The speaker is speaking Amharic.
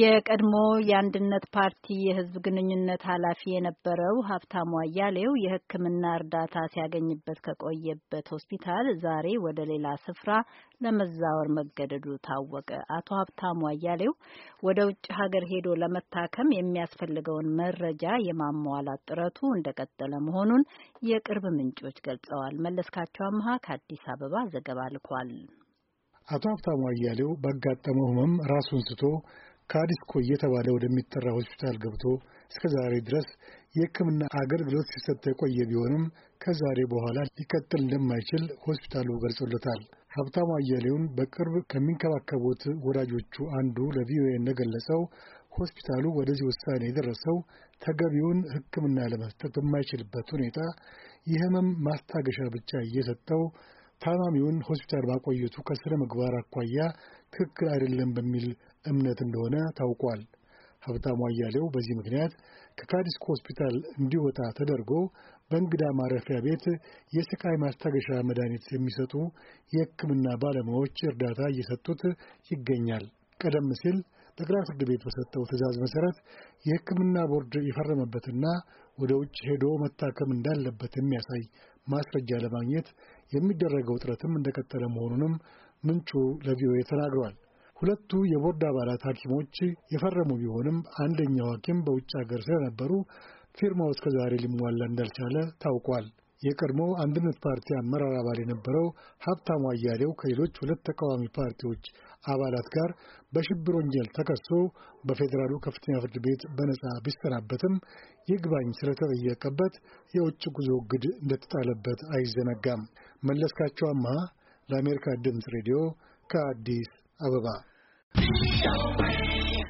የቀድሞ የአንድነት ፓርቲ የህዝብ ግንኙነት ኃላፊ የነበረው ሀብታሙ አያሌው የሕክምና እርዳታ ሲያገኝበት ከቆየበት ሆስፒታል ዛሬ ወደ ሌላ ስፍራ ለመዛወር መገደዱ ታወቀ። አቶ ሀብታሙ አያሌው ወደ ውጭ ሀገር ሄዶ ለመታከም የሚያስፈልገውን መረጃ የማሟላት ጥረቱ እንደቀጠለ መሆኑን የቅርብ ምንጮች ገልጸዋል። መለስካቸው አምሃ ከአዲስ አበባ ዘገባ ልኳል። አቶ ሀብታሙ አያሌው ባጋጠመው ህመም ራሱን ስቶ ካዲስኮ እየተባለ ወደሚጠራ ሆስፒታል ገብቶ እስከ ዛሬ ድረስ የሕክምና አገልግሎት ሲሰጥ የቆየ ቢሆንም ከዛሬ በኋላ ሊቀጥል እንደማይችል ሆስፒታሉ ገልጾለታል። ሀብታሙ አያሌውን በቅርብ ከሚንከባከቡት ወዳጆቹ አንዱ ለቪኦኤ እንደገለጸው ሆስፒታሉ ወደዚህ ውሳኔ የደረሰው ተገቢውን ሕክምና ለመስጠት በማይችልበት ሁኔታ የህመም ማስታገሻ ብቻ እየሰጠው ታማሚውን ሆስፒታል ማቆየቱ ከሥነ ምግባር አኳያ ትክክል አይደለም በሚል እምነት እንደሆነ ታውቋል። ሀብታሙ አያሌው በዚህ ምክንያት ከካዲስኮ ሆስፒታል እንዲወጣ ተደርጎ በእንግዳ ማረፊያ ቤት የስቃይ ማስታገሻ መድኃኒት የሚሰጡ የሕክምና ባለሙያዎች እርዳታ እየሰጡት ይገኛል። ቀደም ሲል ጠቅላይ ፍርድ ቤት በሰጠው ትዕዛዝ መሰረት የሕክምና ቦርድ የፈረመበትና ወደ ውጭ ሄዶ መታከም እንዳለበት የሚያሳይ ማስረጃ ለማግኘት የሚደረገው ጥረትም እንደቀጠለ መሆኑንም ምንጩ ለቪኦኤ ተናግሯል። ሁለቱ የቦርድ አባላት ሐኪሞች የፈረሙ ቢሆንም አንደኛው ሐኪም በውጭ ሀገር ስለነበሩ ፊርማው እስከ ዛሬ ሊሟላ እንዳልቻለ ታውቋል። የቀድሞ አንድነት ፓርቲ አመራር አባል የነበረው ሀብታሙ አያሌው ከሌሎች ሁለት ተቃዋሚ ፓርቲዎች አባላት ጋር በሽብር ወንጀል ተከሶ በፌዴራሉ ከፍተኛ ፍርድ ቤት በነፃ ቢሰናበትም ይግባኝ ስለተጠየቀበት የውጭ ጉዞ እግድ እንደተጣለበት አይዘነጋም። መለስካቸው አማ ለአሜሪካ ድምፅ ሬዲዮ ከአዲስ አበባ